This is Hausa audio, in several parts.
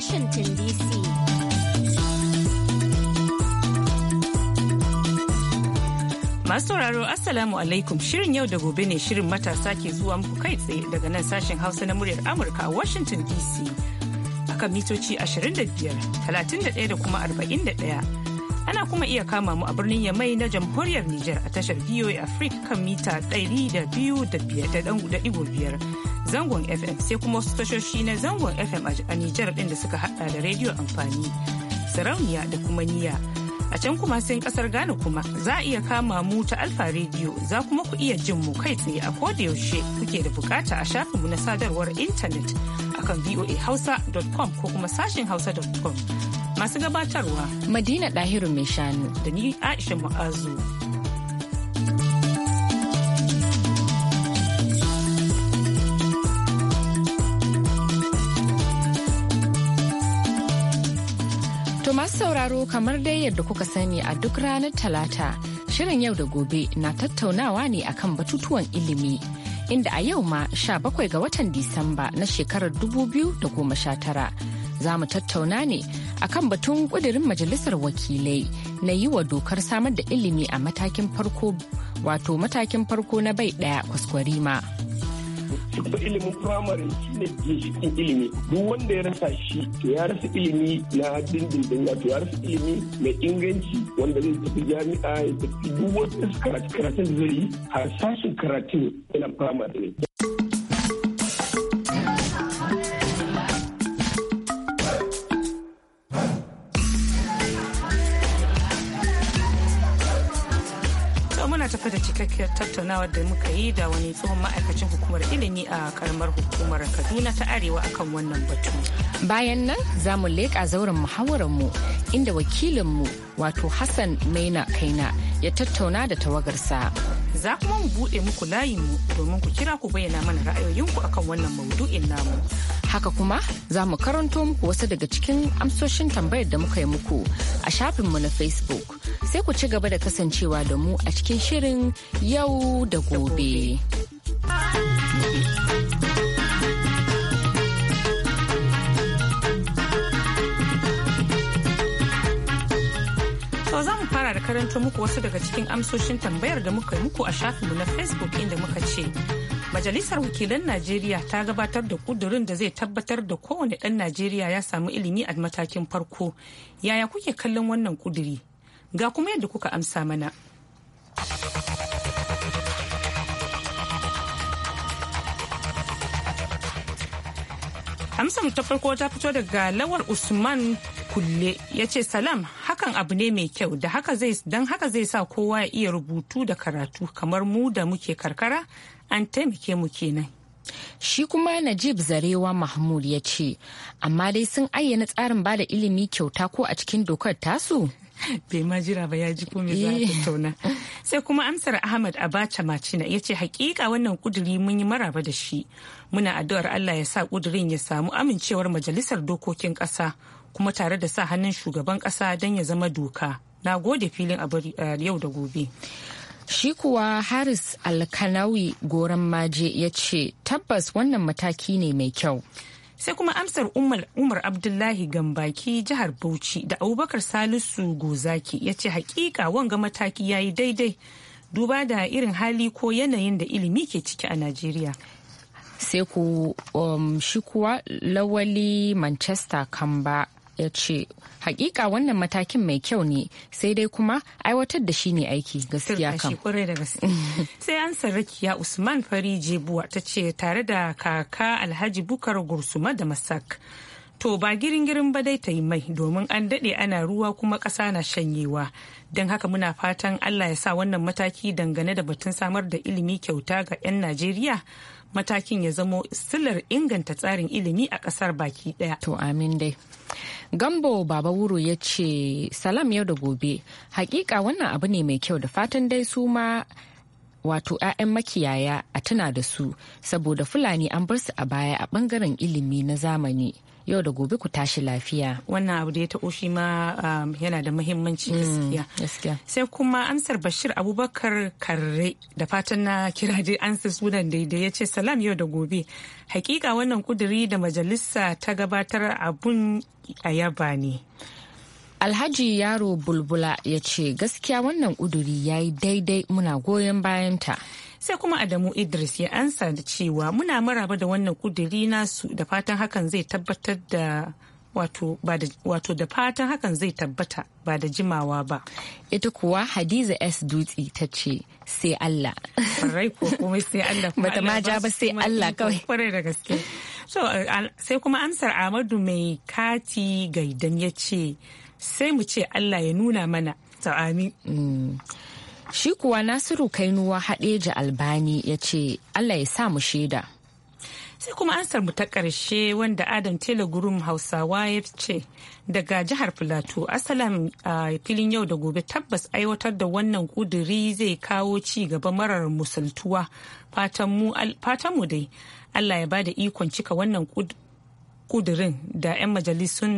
Washington DC. Masu sauraro Assalamu alaikum shirin yau da gobe ne shirin matasa ke zuwa muku kai tsaye daga nan sashen Hausa na muryar Amurka a Washington DC. Akan mitoci 25, 31 da kuma 41. Ana kuma iya kama mu a birnin Yamai na jamhuriyar Nijar a tashar VOA Africa kan mita da 102.5. zangon FM sai kuma wasu tashoshi na zangon FM a Nijar ɗin da suka haɗa da rediyo amfani, sarauniya da kuma niya A can kuma sai kasar Ghana kuma za a iya kama mu ta Alfa rediyo za kuma ku iya jin mu kai tsaye a yaushe kuke da bukata a shafin shafinmu na sadarwar intanet akan voahausa.com ko kuma sashin hausa.com. Masu gabatarwa Madina Dahiru mai shanu da ni Aisha Mu'azu. sauraro kamar dai yadda kuka sani a duk ranar talata shirin yau da gobe na tattaunawa ne akan batutuwan ilimi inda a yau ma 17 ga watan Disamba na shekarar 2019 za mu tattauna ne akan batun kudirin majalisar wakilai na yi wa dokar samar da ilimi a matakin farko wato matakin farko na bai daya kwaskwarima. shi ilimin firamare shi ne ginshiƙin ilimi duk wanda ya rasa shi to ya rasa ilimi na dindindin wato ya rasa ilimi mai inganci wanda zai tafi jami'a ya tafi duk wanda wasu karatu karatun da zai yi har sashen karatun ilimin firamare ne. tafi da cikakkiyar tattaunawar da muka yi da wani tsohon ma'aikacin hukumar ilimi a karamar hukumar kaduna ta arewa akan wannan batu bayan nan za mu leƙa zauren muhawararmu inda wakilinmu wato hassan maina kaina ya tattauna da tawagarsa za kuma mu buɗe muku layinmu domin ku kira ku bayyana mana ra'ayoyinku akan wannan maudu'in namu Haka kuma za mu karanto muku wasu daga cikin amsoshin tambayar da muka yi muku a shafinmu na Facebook. Sai ku ci gaba da kasancewa da mu a cikin shirin yau da gobe. To fara da karanto muku wasu daga cikin amsoshin tambayar da muka yi muku a shafinmu na Facebook inda muka ce Majalisar Wakilan Najeriya ta gabatar da kudurin da zai tabbatar da kowane ɗan Najeriya ya samu ilimi a matakin farko. Yaya kuke kallon wannan kuduri? Ga kuma yadda kuka amsa mana. amsa ta farko ta fito daga lawar Usman kulle ya ce salam hakan abu ne mai kyau da haka don haka zai sa kowa ya iya rubutu da karatu kamar mu da muke karkara an taimake mu kenan Shi kuma Najib Zarewa Mahmud ya ce, amma dai sun ayyana tsarin bada ilimi kyauta ko a cikin dokar tasu? Bai ma jira ba ya ji ko me za a eh. tattauna. Sai kuma amsar Ahmad Abacha Macina ya ce hakika wannan kuduri mun yi maraba da shi. Muna addu'ar Allah ya sa kudurin ya samu amincewar majalisar dokokin ƙasa kuma tare da sa hannun shugaban ƙasa don ya zama doka. Na gode filin eh, yau da gobe. Shi kuwa Haris Alkanawi goron maje ya ce tabbas wannan mataki ne mai kyau. Sai kuma amsar Umar Abdullahi Gambaki jihar Bauchi da Abubakar Salisu Gozaki ya ce hakika wanga mataki ya yi daidai duba da irin hali ko yanayin da ilimi ke ciki a Najeriya. Sai ku um, shi kuwa lawali Manchester Kamba ya ce hakika wannan matakin mai kyau ne sai dai kuma aiwatar da shi ne aiki gaskiya kam sai an sarrakiya usman fari jebuwa ta ce tare da kaka alhaji bukar gursuma da masak to ba girin-girin ba dai ta yi mai domin an daɗe ana ruwa kuma ƙasa na shanyewa don haka muna fatan allah ya sa wannan mataki dangane da batun samar da ilimi kyauta ga 'yan najeriya matakin ya zamo silar inganta tsarin ilimi a kasar baki daya. To amin dai. Gambo Baba Wuro ya ce salam yau da gobe. Hakika wannan abu ne mai kyau da fatan dai su ma wato 'ya'yan makiyaya a tuna da su saboda fulani an bar su a baya a bangaren ilimi na zamani yau da gobe ku tashi lafiya wannan abu da ya taɓo shi ma um, yana da muhimmanci mm, gaskiya sai kuma amsar bashir abubakar karre da fatan na kira dai ansa sunan daidai ya ce salam yau da gobe hakika wannan kuduri da majalisa ta gabatar abun a yaba ne Alhaji Yaro Bulbula ya ce gaskiya wannan kuduri ya yi daidai muna goyon bayanta. Sai kuma Adamu Idris ya ansa da cewa muna maraba da wannan kuduri nasu da fatan hakan zai tabbatar da wato da fatan hakan zai tabbata ba da jimawa ba. Ita kuwa Hadiza S. Dutse ta ce sai Allah. Farai ko kuma sai Allah. Bata ma ja ba sai Allah kawai. Kwarai da gaske. So sai kuma amsar Ahmadu mai kati gaidan ya ce sai mu ce Allah ya nuna mana ta amin. Mm. Shi kuwa Nasiru Kainuwa haɗeji Albani ya ce Allah ya sa mu shaida. Sai kuma ansar mu ta ƙarshe wanda Adam Tela Gurum Hausawa ya ce daga jihar Filato asalam filin yau da gobe tabbas aiwatar da wannan kuduri zai kawo ci gaba marar musaltuwa fatan mu dai Allah ya ba da ikon cika wannan kudirin da 'yan majalisun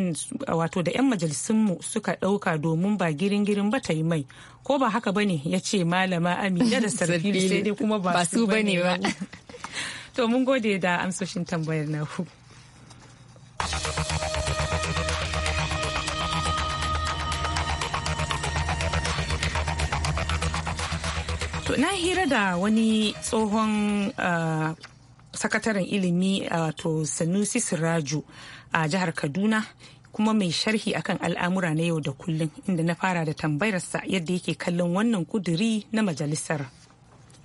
wato da 'yan majalisunmu suka ɗauka domin ba girin-girin ba ta yi mai ko ba haka bane ya ce malama amina da sarfili sai dai kuma ba su bane ba to mun gode da amsoshin tambayar naku to na hira da wani tsohon ah, sakataren ilimi wato sanusi siraju a jihar kaduna kuma mai sharhi akan al'amura na yau da kullum inda na fara da tambayarsa yadda yake kallon wannan kuduri na majalisar.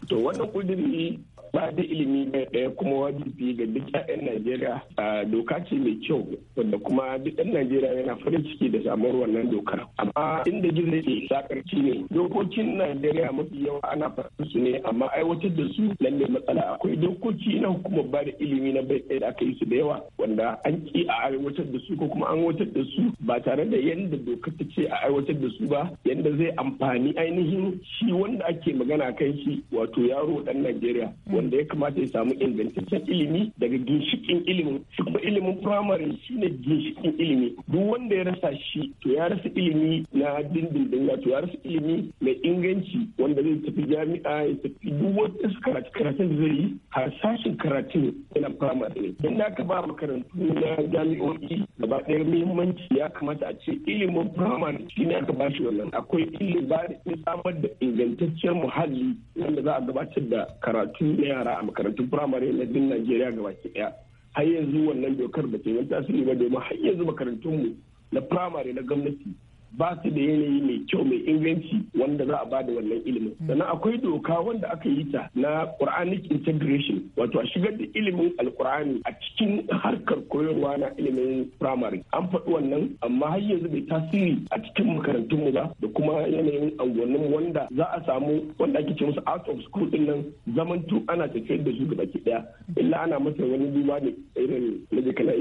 To wannan kuduri ba da ilimi mai ɗaya kuma wajibi ga duk 'ya'yan najeriya a doka ce mai kyau wanda kuma duk ɗan najeriya yana farin ciki da samuwar wannan dokar. amma inda gizo ke sakarci ne dokokin najeriya mafi yawa ana faɗin su ne amma aiwatar da su lalle matsala akwai dokoki na hukumar ba da ilimi na bai ɗaya da aka yi su da yawa wanda an ki a aiwatar da su ko kuma an aiwatar da su ba tare da yadda dokar ta ce a aiwatar da su ba yadda zai amfani ainihin shi wanda ake magana kan shi wato yaro ɗan najeriya wanda ya kamata ya samu ingantaccen ilimi daga ginshikin ilimin shi kuma ilimin firamare shi ne ginshikin ilimi duk wanda ya rasa shi to ya rasa ilimi na dindindin ya to ya rasa ilimi mai inganci wanda zai tafi jami'a ya tafi duk wata karatu zai yi har sashen karatu yana firamare ne don haka ba makarantu na jami'o'i gaba ɗaya muhimmanci ya kamata a ce ilimin firamare shi ne aka bashi wannan akwai ilimin ba da samar da ingantaccen muhalli wanda za a gabatar da karatu yara a makarantun firamare na din najeriya ga baki daya har yanzu wannan dokar ba ta yi tasiri ba domin har yanzu makarantunmu na firamare na gwamnati ba su da yanayi mai kyau mai inganci wanda za a ba da wannan ilimin mm. sannan akwai doka wanda aka yi ta na quranic integration wato a shigar da ilimin alqur'ani a cikin harkar koyarwa na ilimin primary an faɗi wannan amma har yanzu bai tasiri a cikin makarantun mu ba da kuma yanayin anguwannin wanda za a samu wanda ake ce musu out of school din nan zamantu ana tafiyar da su gaba ki daya illa ana masa wani duba ne irin na jikala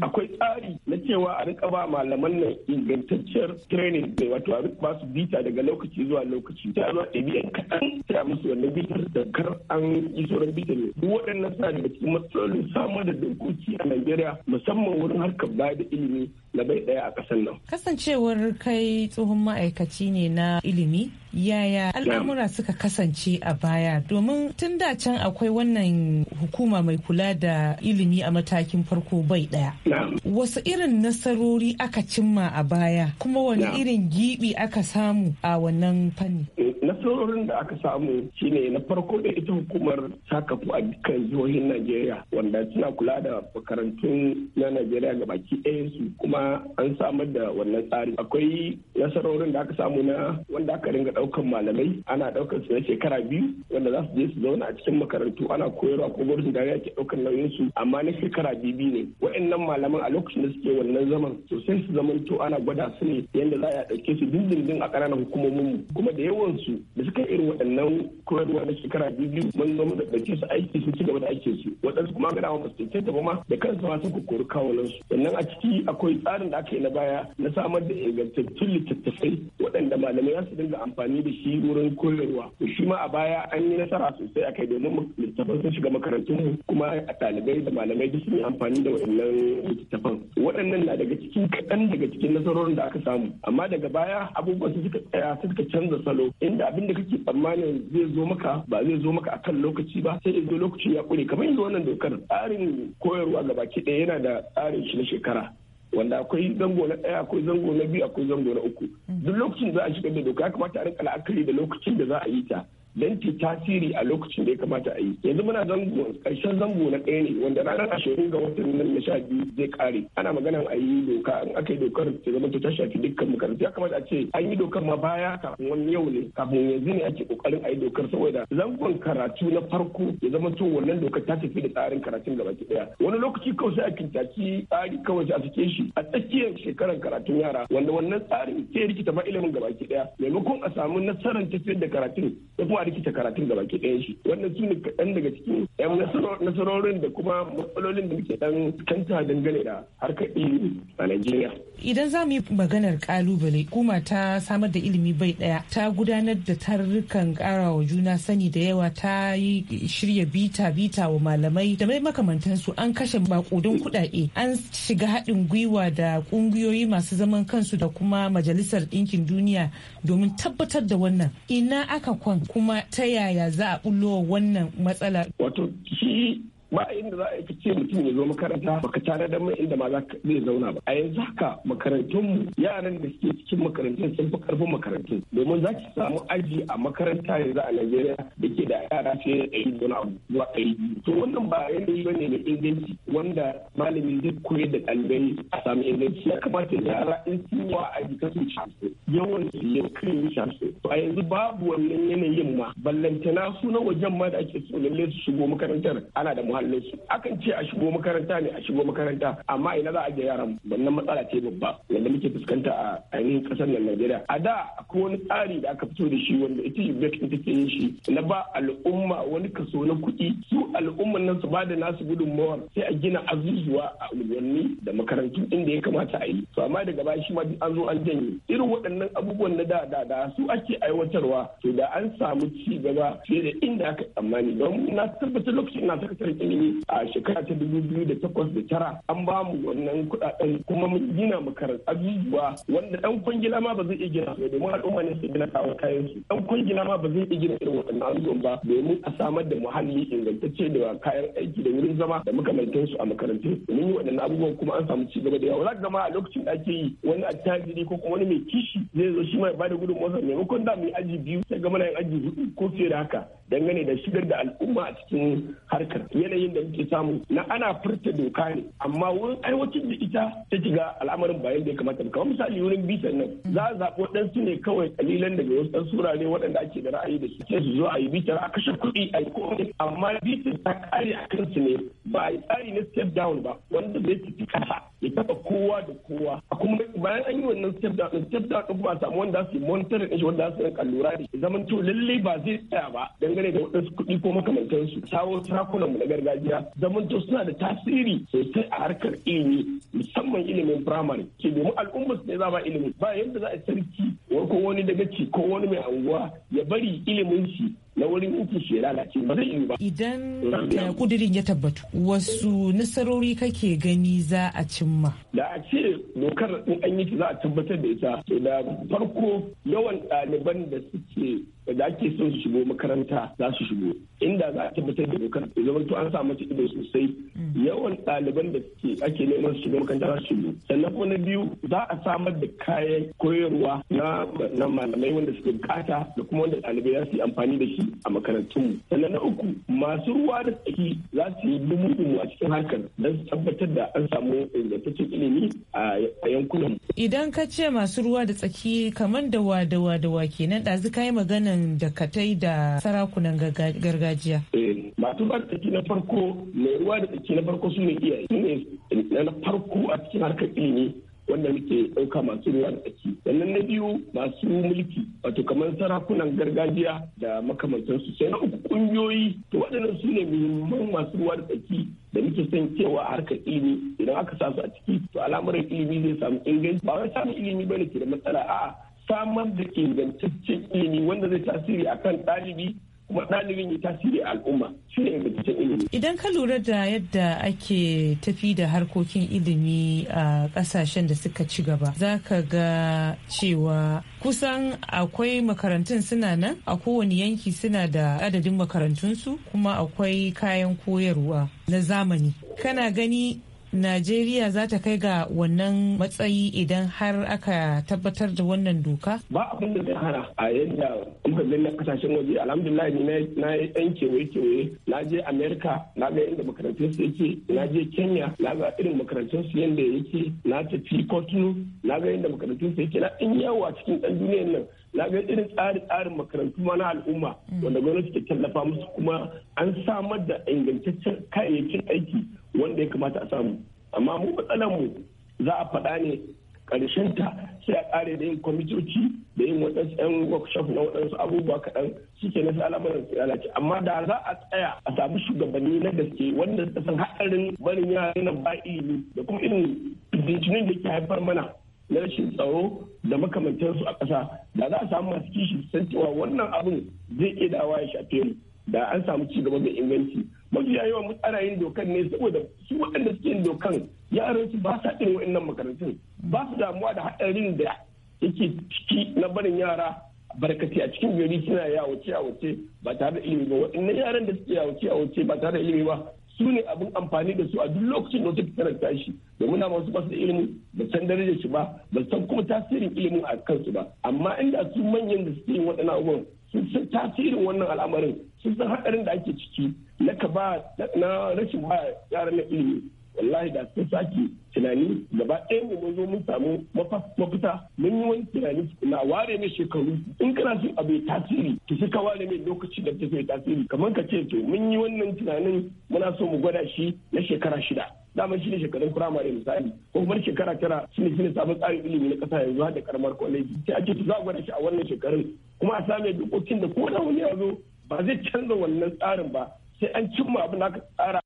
akwai tsari na cewa a rika ba malaman nan ingantacciyar training da wato a rika ba su bita daga lokaci zuwa lokaci ta zuwa ɗabi'a kaɗan ta musu wannan bitar da kar an yi sauran bitar duk waɗannan suna daga cikin matsalolin samar da dokoki a Najeriya musamman wurin harkar bayar da ilimi na bai ɗaya a ƙasar nan. Kasancewar kai tsohon ma'aikaci ne na ilimi yaya al'amura suka kasance a baya domin tun da can akwai wannan hukuma mai kula da ilimi a matakin farko bai ɗaya. Wasu irin nasarori aka cimma a baya kuma wani irin gibi aka samu a wannan fanni? Eh, nasarorin da aka samu shine na farko da ita hukumar sakafu a dukkan jihohin Najeriya wanda suna kula da makarantun na Najeriya ga baki ɗaya su kuma an samar da wannan tsari. Akwai nasarorin da aka samu na wanda aka ringa ɗaukan malamai ana ɗaukar su na shekara biyu wanda za su je su zauna a cikin makarantu ana koyarwa ko gwamnati da ke ɗaukar nauyin su amma na shekara biyu ne. Wa'annan malaman a lokacin da suke wannan zaman to sai su zaman to ana gwada su ne yadda za a ɗauke su dindindin a ƙananan hukumomin mu kuma da yawan su da suka irin waɗannan koyarwa na shekara biyu mun zo mu ɗauke su aiki su ci gaba da aikin su waɗansu kuma gana ba ta ma da kansu ma sun kokori kawunan su sannan a ciki akwai tsarin da aka yi na baya na samar da ingantattun littattafai waɗanda malamai za su dinga amfani da shi wurin koyarwa to shi ma a baya an yi nasara sosai akai domin littattafan sun shiga makarantun mu kuma a ɗalibai da malamai duk sun yi amfani da waɗannan waɗannan littattafan waɗannan na daga cikin kaɗan daga cikin nasarorin da aka samu amma daga baya abubuwan su suka tsaya su suka canza salo inda abin da kake tsammanin zai zo maka ba zai zo maka akan lokaci ba sai yanzu lokaci ya ƙure kamar yanzu wannan dokar tsarin koyarwa ga baki ɗaya yana da tsarin shi na shekara wanda akwai zango na ɗaya akwai zango na biyu akwai zango na uku duk lokacin da za a shigar da doka ya kamata a rinka la'akari da lokacin da za a yi ta don ta tasiri a lokacin da ya kamata a yi yanzu muna zango karshen zango na ɗaya ne wanda ranar ashirin ga watan nan na sha biyu zai kare ana magana a yi doka in aka yi dokar ta zama ta shafi dukkan makarantu ya kamata a ce an yi dokar ma baya kafin wani yau ne kafin yanzu ne ake kokarin a yi dokar saboda zangon karatu na farko ya zama to wannan dokar ta tafi da tsarin karatun gaba ki daya wani lokaci kawai sai a kintaci tsari kawai a sake shi a tsakiyar shekarar karatun yara wanda wannan tsarin sai rikita ma ilimin gaba ki daya maimakon a samu nasarar tafiyar da karatun a rikita karatun gaba baki ɗaya shi wannan su ne kaɗan daga cikin yan nasarorin da kuma matsalolin da muke ɗan kanta dangane da harkar ilimi a Najeriya. Idan za mu yi maganar kalubale kuma ta samar da ilimi bai ɗaya ta gudanar da tarurrukan karawa juna sani da yawa ta yi shirya bita bita wa malamai da mai makamantansu an kashe makudan kuɗaɗe an shiga haɗin gwiwa da ƙungiyoyi masu zaman kansu da kuma majalisar ɗinkin duniya domin tabbatar da wannan ina aka kwan kuma kuma ta yaya za a bullo wannan matsalar. wato shi ba inda za a yi ce mutum ya zo makaranta baka tare da mai inda ma za zai zauna ba a yanzu haka makarantun mu. yaran da suke cikin makarantun sun fi karfin makarantun domin za ki samu aji a makaranta yanzu a Najeriya da ke da yara fiye da ɗari wani abu zuwa to wannan ba yanayi ba ne mai inganci wanda malamin zai koyar da ɗalibai a samu inganci ya kamata yara in sun yi wa aji kasu shafe yawan su ya yi shafe to a yanzu babu wannan yanayin ma ballantana su na wajen ma da ake so lalle su shigo makarantar ana da muhalli akan ce a shigo makaranta ne a shigo makaranta amma ina za a je yaran wannan matsala ce babba wanda muke fuskanta a ainihin kasar nan Najeriya a da akwai wani tsari da aka fito da shi wanda ita UBEC ita take yin shi na ba al'umma wani kaso na kuɗi su al'umman nan su ba da nasu gudunmawar sai a gina azuzuwa a unguwanni da makarantu inda ya kamata a yi to amma daga baya shi ma an zo an janye irin waɗannan abubuwan na da da da su ake aiwatarwa to da an samu ci gaba fiye da inda aka tsammani don na tabbatar lokacin na sakataren ilimi a shekara ta dubu biyu da takwas da tara an ba mu wannan kuɗaɗen kuma mun gina makarantu abubuwa wanda ɗan kwangila ma ba zai iya gina ba domin al'umma ne su gina kawo kayan su ɗan kwangila ma ba zai iya gina irin waɗannan abubuwan ba domin a samar da muhalli ingantacce da kayan aiki da wurin zama da makamantan su a makarantu domin yi waɗannan abubuwan kuma an samu cigaba da yawa za ka a lokacin da ake yi wani attajiri ko kuma wani mai kishi zai zo shi ma ya bada gudunmawarsa maimakon da mu yi aji biyu sai ga mana yin aji hudu ko fiye da haka dangane da shigar da al'umma a cikin harkar yanayin da muke samu na ana furta doka ne amma wurin aiwatar da ita ta shiga al'amarin bayan da ya kamata kamar misali wurin bitan nan za a zaɓi waɗansu ne kawai kalilan daga wasu ɗan sura ne waɗanda ake da ra'ayi da su sai su zo a yi bitar a kashe kuɗi a yi komai amma bitar ta kare a kansu ne ba a tsari na step down ba wanda zai tafi kasa ya taɓa kowa da kowa a kuma bayan an yi wannan step down step down din ba samu wanda su monitor din shi wanda su rinka lura da shi zaman to lalle ba zai tsaya ba dangane da wadansu kuɗi ko makamantan su sawo sarakunan mu na gargajiya zaman to suna da tasiri sosai a harkar ilimi musamman ilimin primary ke domin al'ummar su ne za ba ilimi ba yadda za a sarki ko wani daga ci ko wani mai anguwa ya bari ilimin shi na wurin uku shi lalace ba zai yi ba. Idan kudirin eh, ya tabbatu wasu nasarori kake gani za a cimma. Da a ce dokar in an yi ta za a tabbatar da ita. Da farko yawan ɗaliban da suke da ake son su shigo makaranta za su shigo inda za a tabbatar da dokar da zama to an samu ido sosai yawan ɗaliban da suke ake neman su shigo makaranta za su shigo sannan kuma na biyu za a samar da kayan koyarwa na malamai wanda suke bukata da kuma wanda ɗalibai za su yi amfani da shi a makarantun sannan na uku masu ruwa da tsaki za su yi dumu a cikin harkar don su tabbatar da an samu ingantaccen ilimi a yankunan idan ka ce masu ruwa da tsaki kamar da wa da wa da wa kenan ɗazu ka yi magana maganan dakatai da sarakunan gargajiya? Eh, masu ba tsaki na farko mai ruwa da tsaki na farko su ne iyaye su ne na farko a cikin harkar ilimi wanda muke ɗauka masu ruwa da tsaki. Sannan na biyu masu mulki wato kamar sarakunan gargajiya da makamantansu sai na uku ƙungiyoyi to waɗannan su ne muhimman masu ruwa da tsaki da muke son cewa harkar ilimi idan aka sa su a ciki to alamar ilimi zai samu inganci ba wai samun ilimi bane ke da matsala a'a samar da ingantaccen ilimi wanda zai tasiri akan ɗalibi kuma ɗalibin ya tasiri a al'umma shi ne ingantaccen ilimi. Idan ka lura da yadda ake tafi da harkokin ilimi a ƙasashen da suka ci gaba, za ka ga cewa kusan akwai makarantun suna nan a kowane yanki suna da adadin makarantunsu kuma akwai kayan koyarwa na zamani. Kana gani najeriya za ta kai ga wannan matsayi idan har aka tabbatar da wannan doka ba abin da zai hana a yadda muka gani kasashen waje alhamdulillah ni na yi ɗan kewaye kewaye na je america na ga inda makarantun su yake na je kenya na ga irin makarantun su yadda yake na tafi kotunu na ga inda makarantun su yake na ɗan yawo a cikin ɗan duniyar nan na ga irin tsarin makarantu ma na al'umma wanda gwamnati ke tallafa musu kuma an samar da ingantaccen kayayyakin aiki wanda ya kamata a samu amma mu matsalar mu za a faɗa ne ta sai a kare da yin kwamitoci da yin waɗansu 'yan workshop na waɗansu abubuwa kaɗan suke na al'amuran su lalace amma da za a tsaya a samu shugabanni na gaske wanda suka san haɗarin barin yara na ba ilimi da kuma irin bincinin da ke haifar mana na rashin tsaro da makamantansu a ƙasa da za a samu masu kishi san cewa wannan abin zai iya dawa ya shafe mu da an samu ci gaba mai inganci mafi mu tsara yin dokan ne saboda su waɗanda suke yin dokan yaran su ba sa irin waɗannan makarantun ba su damuwa da haɗarin da yake ciki na barin yara barkati a cikin gari suna yawace yawace ba tare da ilimi ba waɗannan yaran da suke yawace yawace ba tare da ilimi ba su ne abin amfani da su a duk lokacin da wata fitarar tashi domin na masu basu da ilimin ba san darajar shi ba ba san kuma tasirin ilimin a kansu ba amma inda su manyan da suke yin waɗannan abubuwan sun san tasirin wannan al'amarin sun san haɗarin da ake ciki na ka ba na rashin ba yaran na ilimi wallahi da sun sake tunani gaba ɗaya mu mun zo mun samu mafita mun yi wani tunani na ware mai shekaru in kana son abu ya tasiri ki fi ka ware mai lokaci da ta sai tasiri kamar ka ce to mun yi wannan tunanin muna so mu gwada shi na shekara shida daman shi ne shekarun firamare misali ko kuma shekara tara shi ne shi ne sabon tsarin ilimi na kasa yanzu da karamar kwaleji sai ake ta za a gwada shi a wannan shekarun kuma a same dokokin da ko da wani ya zo ba zai canza wannan tsarin ba sai an cimma abin da aka tsara.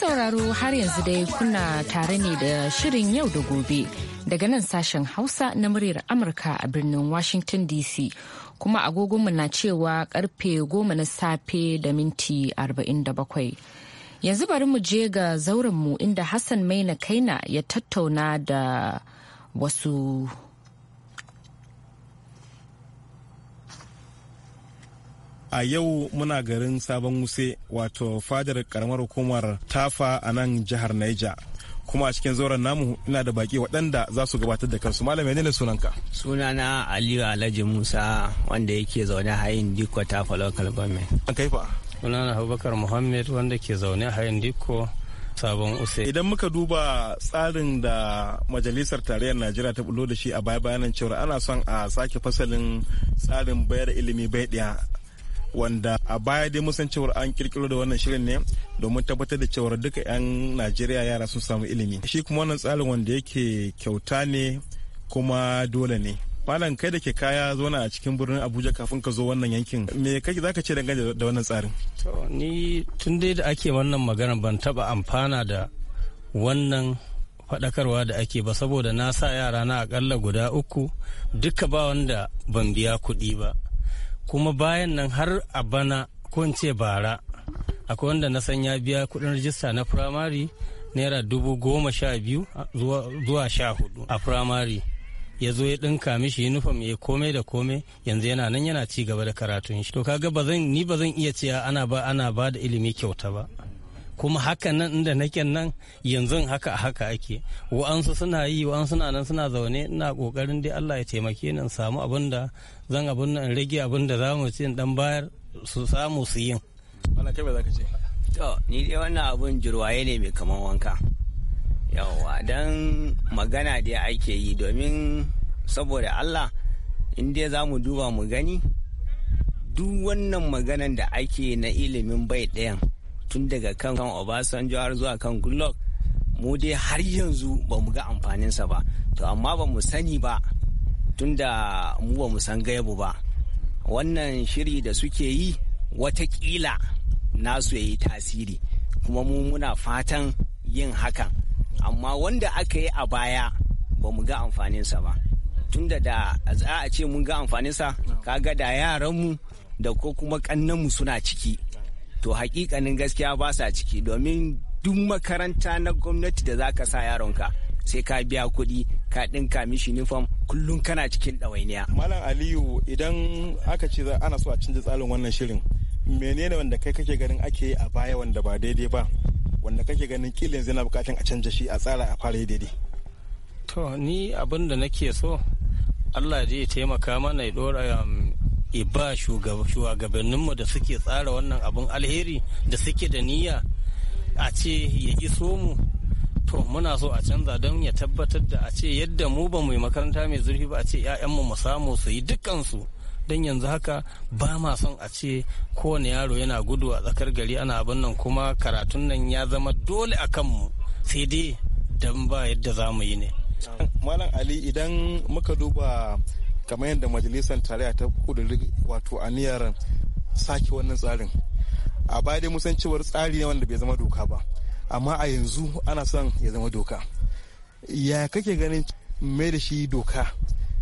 sauraro har yanzu dai kuna tare ne da shirin yau da gobe daga nan sashen Hausa na muryar Amurka a birnin Washington DC. Kuma agogonmu na cewa karfe goma na safe da minti 47. Yanzu bari mu je ga zauren mu inda Hassan Maina Kaina ya tattauna da wasu a yau muna garin sabon wuse wato fadar karamar hukumar tafa a nan jihar naija kuma a cikin zauren namu ina da baki waɗanda za su gabatar da kansu malam menene sunanka sunana aliyu alhaji musa wanda yake zaune hayin diko tafa local government an kaifa sunana abubakar muhammad wanda ke zaune hayin diko sabon use idan muka duba tsarin da majalisar tarayyar najeriya ta bulo da shi a baya bayanan cewa ana son a sake fasalin tsarin bayar ilimi bai wanda a baya dai mun san cewar an kirkiro da wannan shirin ne domin tabbatar da cewar duka 'yan najeriya yara sun samu ilimi shi kuma wannan tsarin wanda yake kyauta ne kuma dole ne malam kai da ke kaya zona a cikin birnin abuja kafin ka zo wannan yankin me kake zaka ce dangane da wannan tsarin to ni tun dai da ake wannan magana ban taba amfana da wannan faɗakarwa da ake ba saboda na sa yara na akalla guda uku duka ba wanda ban biya kuɗi ba kuma bayan nan har a bana ko ce bara akwai wanda na san ya biya kudin rajista na firamare naira dubu goma sha biyu zuwa sha hudu a firamare ya zo ya ɗinka mishi yunifom ya kome da kome yanzu yana nan yana ci gaba da karatun shi to kaga ba zan ni ba zan iya cewa ana ba ana ba da ilimi kyauta ba kuma haka nan inda nake nan yanzu haka haka ake wa'ansu suna yi wa'ansu suna nan suna zaune ina kokarin dai Allah ya taimake ni in samu abin da zan abin nan rage abin da za mu ci dan bayar su samu su yin wala kai ba za ka ce to ni dai wannan abun jirwaye ne mai kaman wanka yawa dan magana dai ake yi domin saboda Allah in dai zamu duba mu gani duk wannan maganan da ake na ilimin bai ɗayan tun daga kan Obasanjo har zuwa kan Goodluck mu dai har yanzu ba mu ga amfaninsa ba to amma ba mu sani ba tun da mu ba mu san gaibu ba wannan shiri da suke yi watakila nasu ya yi tasiri kuma mu muna fatan yin hakan amma wanda aka yi a baya ba mu ga amfaninsa ba tunda da za a ce mun ga amfaninsa kaga da yaranmu da ko kuma kannanmu suna ciki to hakikanin gaskiya ba sa ciki domin duk makaranta na gwamnati da za ka sa yaronka sai ka biya kuɗi ka ɗinka mishi uniform kullum kana cikin ɗawainiya. Malam Aliyu idan aka ce ana so a canza tsarin wannan shirin menene wanda kai kake ganin ake a baya wanda ba daidai ba wanda kake ganin kila yanzu yana bukatan a canza shi a tsara a fara daidai. To ni abin da nake so Allah zai taimaka mana ya dora um, ba shugabanninmu da suke tsara wannan abun alheri da suke da niyya a ce ya iso mu to muna so a canza don ya tabbatar da a ce yadda mu ba mu yi makaranta mai zurfi ba a ce 'ya'yanmu mu samu su yi dukkansu don yanzu haka ba ma son a ce kowane yaro yana gudu a tsakar gari ana abin nan kuma karatun nan ya zama dole a kanmu sai dai don ba yadda za mu yi ne. malam ali idan muka duba kamar yadda majalisar tarayya ta kuduri wato aniyar sake wannan tsarin a baya dai musan cewar tsari ne wanda bai zama doka ba amma a yanzu ana son ya zama doka ya kake ganin mai da shi doka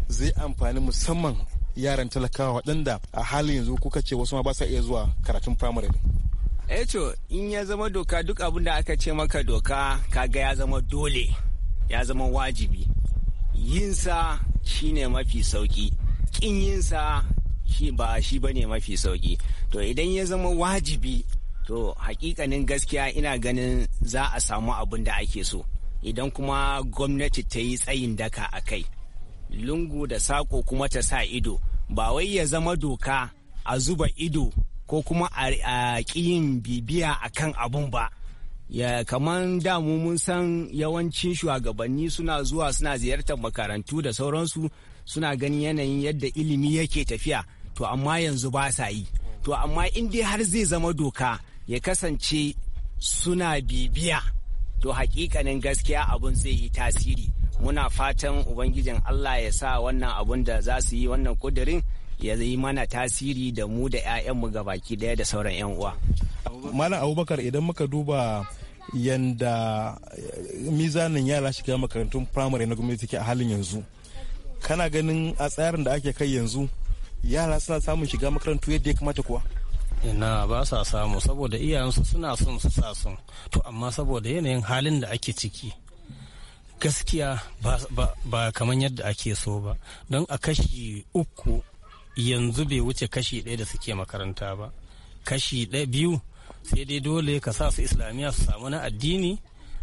zai amfani musamman yaran talakawa waɗanda a halin yanzu kuka ce wasu ma ba sa iya zuwa karatun firamare eto eh in ya zama doka duk abin da aka ce maka doka ka ga ya zama dole ya zama wajibi yinsa shine mafi sauki kin yinsa shi ba shi bane mafi sauki to idan ya zama wajibi to hakikanin gaskiya ina ganin za a samu abin da ake so idan kuma gwamnati ta yi tsayin daka a kai lungu da sako kuma ta sa ido ba wai ya zama doka a zuba ido ko kuma a yin bibiya a kan abun ba ya kamar damu mun san yawancin shugabanni suna zuwa suna ziyartar makarantu da sauransu suna ganin yanayin yadda ilimi yake tafiya to amma yanzu ba sa yi to amma in dai har zai zama doka ya kasance suna bibiya to hakikanin gaskiya abun zai yi tasiri muna fatan ubangijin allah ya sa wannan abun da za su yi wannan kudirin ya yi mana tasiri da mu da 'ya'yanmu baki daya da sauran 'yan uwa malam abubakar idan muka duba yanda eh, mizanin yara shiga makarantun firamare na gwamnati ke a halin yanzu kana ganin a tsarin da ake kai yanzu yara suna samun shiga makarantu yadda ya kamata kuwa ina ba sa samu saboda iyayensu suna son su sa sun to amma saboda yanayin halin da ake ciki gaskiya ba kamar yadda ake so ba don a kashi uku yanzu bai wuce kashi ɗaya da suke makaranta ba kashi ɗaya biyu sai dai dole ka sa su islamiyya su samu na addini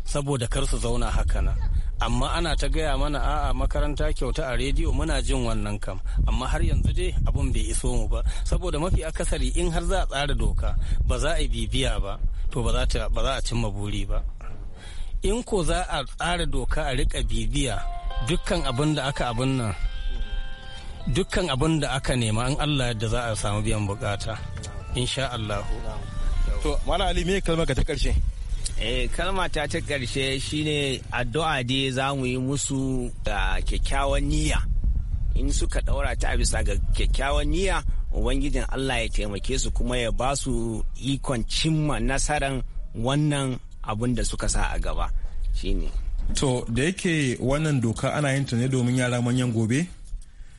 saboda kar su zauna haka hakana amma ana ta gaya mana a'a makaranta kyauta a rediyo muna jin wannan kam amma har yanzu dai abun bai iso mu ba saboda mafi akasari in har za a tsara doka ba za a bibiya ba to ba za a cimma buri ba in ko za a tsara doka a rika bibiya dukkan abin da aka abin nan dukkan abin da aka nema in Allah yadda za a samu biyan bukata insha Allah to mala ali me kalmar ka ta karshe Eh, kalma ta ta ƙarshe shine addu'a dai za mu yi musu da kyakkyawan niyya. In suka ɗaura ta bisa ga kyakkyawan niyya, Ubangijin Allah ya taimake su kuma ya ba su ikon cimma nasaran wannan abin da suka sa a gaba shine. To da yake wannan doka ana yin ta ne domin yara manyan gobe?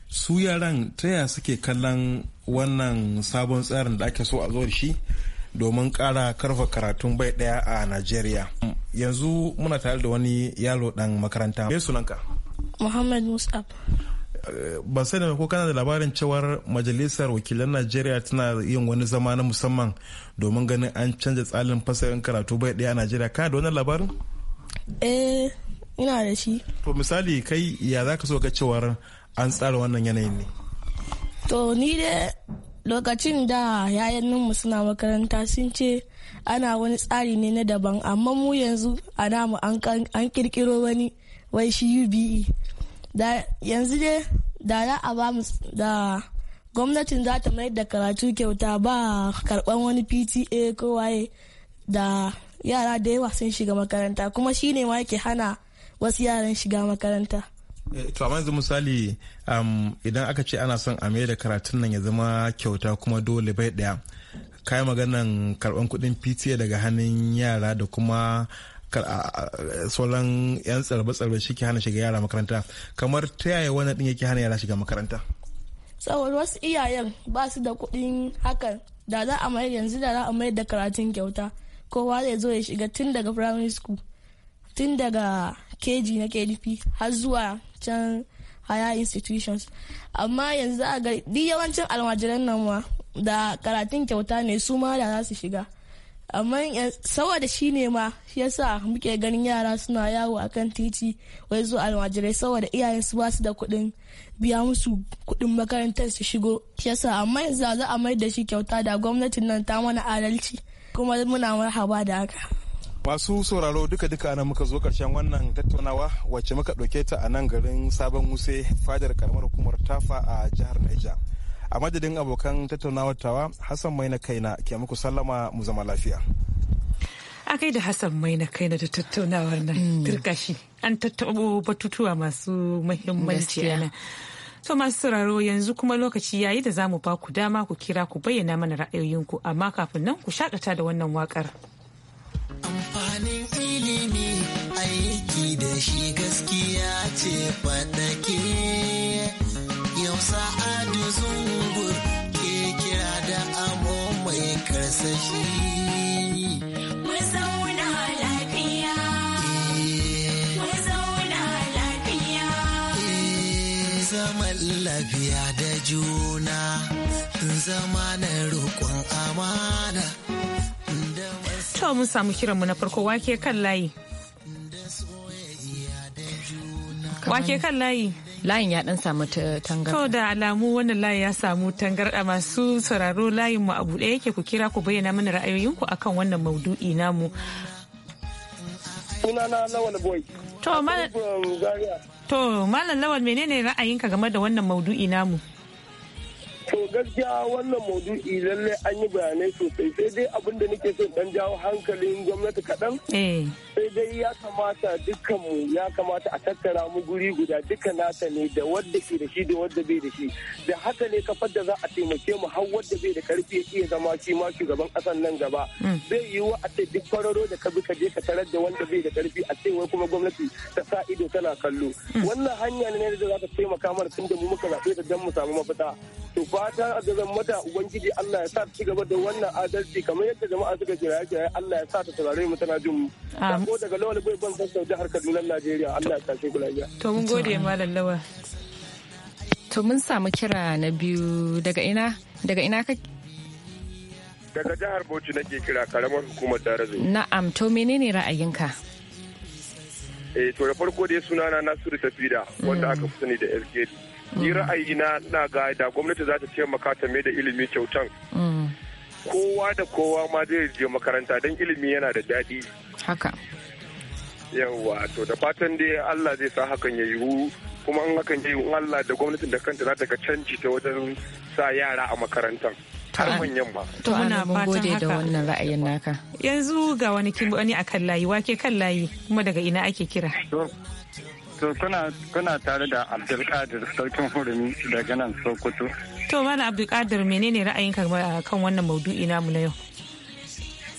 Su yaran ta ya suke kallon wannan sabon tsarin da ake so a zo shi? domin kara karfa karatun bai daya a Najeriya. Yanzu muna tare da wani yalo dan makaranta. Me sunanka? Muhammad Musab. Eh, ban da ko kana da labarin cewar majalisar wakilan Najeriya tana yin wani zama na musamman domin ganin an canza tsalin fasayin karatu bai daya a Najeriya. Kana da wannan labarin? Eh, ina da shi. To misali kai ya za ka so ka cewar an tsara wannan yanayin ne? To ni dai lokacin da yayanninmu suna makaranta sun ce ana wani tsari ne na daban amma mu yanzu a namu an kirkiro wani wai shi ube da yanzu dai da za a ba mu da gwamnatin za ta mayar da karatu kyauta ba karban wani pta ko waye da yara da yawa sun shiga makaranta kuma shine ma yake hana wasu yaran shiga makaranta Eh, to amma yanzu misali idan aka ce ana son a da karatun nan ya zama kyauta kuma dole bai daya kayan maganan karban kudin pta daga hannun yara da kuma sauran yan tsarbe-tsarbe shi ke hana shiga yara makaranta kamar ta yaya wani din yake hana yara shiga makaranta saboda wasu iyayen ba su da kuɗin hakan da za a mayar yanzu da za a mayar da karatun kyauta kowa zai zo ya shiga tun daga primary school tun daga kg na kdp har zuwa can haya institutions amma yanzu a ga duk yawancin almajiran nan ma da karatun kyauta ne su ma da za su shiga amma saboda shi ne ma shi yasa muke ganin yara suna yawo akan titi wai zuwa almajirai saboda iyayen su basu da kuɗin biya musu kuɗin makarantar su shigo shi yasa amma yanzu za a mai da shi kyauta da gwamnatin nan ta mana adalci kuma muna marhaba da haka masu sauraro duka-duka nan muka zo karshen wannan tattaunawa wacce muka ɗauke ta a nan garin sabon wuse fadar karamar hukumar tafa a jihar niger a madadin abokan tattaunawar tawa hassan mai na kaina ke muku sallama mu zama lafiya a kai da hassan mai na kai da tattaunawar nan turkashi mm. an tattabo batutuwa masu muhimmanci to masu sauraro yanzu kuma lokaci yayi da za mu ba ku dama ku kira ku bayyana mana ra'ayoyinku amma kafin nan ku shakata da wannan wakar. Amfanin ilimi aiki da shi gaskiya ce faɗake. Yau sa'adu zungur ke kira da amo mai karsashi. Zaman lafiya da juna, zama na roƙon amana. To mun samu kiranmu na farko wake kan layi. Wake kan layi. Layin ya dan samu tangar. To da alamu wannan layi ya samu tangarda masu sauraro layin mu a buɗe yake ku kira ku bayyana mana ra'ayoyinku akan wannan maudu'i namu. Sunana Lawal Boy. To malam Lawal menene ra'ayinka game da wannan maudu'i namu? To gaskiya wannan maudu'i lalle an yi bayanai sosai sai dai abin da nake so dan jawo hankalin gwamnati kaɗan. Eh. Sai dai ya kamata dukkan mu ya kamata a tattara mu guri guda duka nata ne da wadda ke da shi da wadda bai da shi. Da haka ne kafar da za a taimake mu har wadda bai da karfi ya iya zama shi ma shugaban ƙasan nan gaba. Mm. Zai wa a ce duk kwararo da ka bi ka je ka tarar da wanda bai da karfi a ce wai kuma gwamnati ta sa ido tana kallo. Mm. Wannan hanya ne da za ta taimaka mana tun da mu muka zaɓe da dan mu samu mafita. fata ga zammata ubangiji Allah ya sa ta ci gaba da wannan adalci kamar yadda jama'a suka kira kira Allah ya sa ta saurare mu tana jin mu ko daga lawal bai ban sassau jihar Kaduna Najeriya Allah ya tashi ku lafiya to mun gode mallam lawa to mun samu kira na biyu daga ina daga ina ka daga jihar Bauchi nake kira karamar hukumar Darazo na'am to menene ra'ayinka eh to da farko dai sunana Nasiru Tafida wanda aka fi sani da SKD ni ra'ayina na ga da gwamnati za ta taimaka ta mai da ilimi kyautan mm. kowa da kowa ma zai je makaranta don ilimi yana da daɗi haka yawa to da fatan dai allah zai sa hakan ya yiwu kuma an hakan ya yiwu allah da gwamnatin da kanta za ta ga canji ta wajen sa yara a makarantan har manyan ba to ana gode da wannan ra'ayin naka yanzu ga wani kin wani akan layi wake kan layi kuma daga ina ake kira To kuna tare da Abdulkadir sarkin hurumi daga nan Sokoto. To Malam Abdulkadir menene ra'ayinka kan wannan maudu'i namu na yau?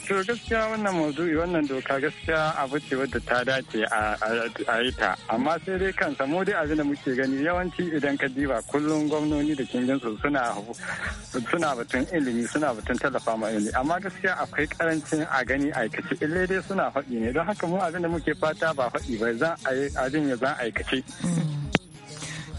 to gaskiya wannan maudu'i wannan doka gaskiya abu ce wadda ta dace a yi ta amma sai dai kansa mu dai abin da muke gani yawanci idan ka diba kullum gwamnoni da kinginsu suna suna batun ilimi suna batun tallafa ma ilimi amma gaskiya akwai karancin a gani aikace illai dai suna faɗi ne don haka mu abin da muke fata ba faɗi ba zan abin ya zan aikace mm.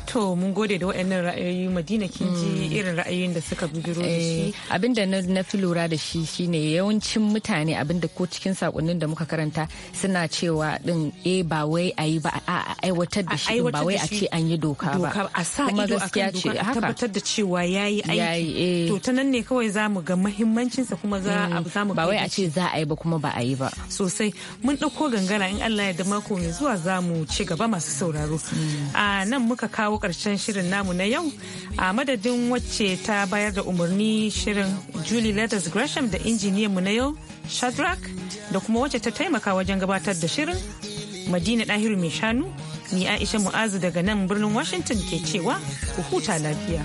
To mun gode da waɗannan ra'ayoyi Madina kin ji hmm. irin ra'ayoyin da suka bujiro da shi. Eh, abin da na fi lura da shi shine yawancin mutane abin da ko cikin sakonnin da muka karanta suna cewa din eh ba wai a yi ba a aiwatar da shi ba wai a ce an yi doka ba. A sa ido akan doka a tabbatar da cewa yayi aiki. Eh. To ta nan ne kawai za mu ga mahimmancinsa kuma hmm. za mu ba wai a ce za a yi ba kuma ba a yi ba. Sosai mun ɗauko gangara in Allah ya da mako mai zuwa za mu ci gaba masu sauraro. Hmm. A nan muka kawo karshen shirin namu na yau a madadin wacce ta bayar da umarni shirin julie letters gresham da injiniyan mu na yau shadrack da kuma wacce ta taimaka wajen gabatar da shirin madina dahiru mai shanu ni aisha mu'azu daga nan birnin washington ke cewa ku huta lafiya.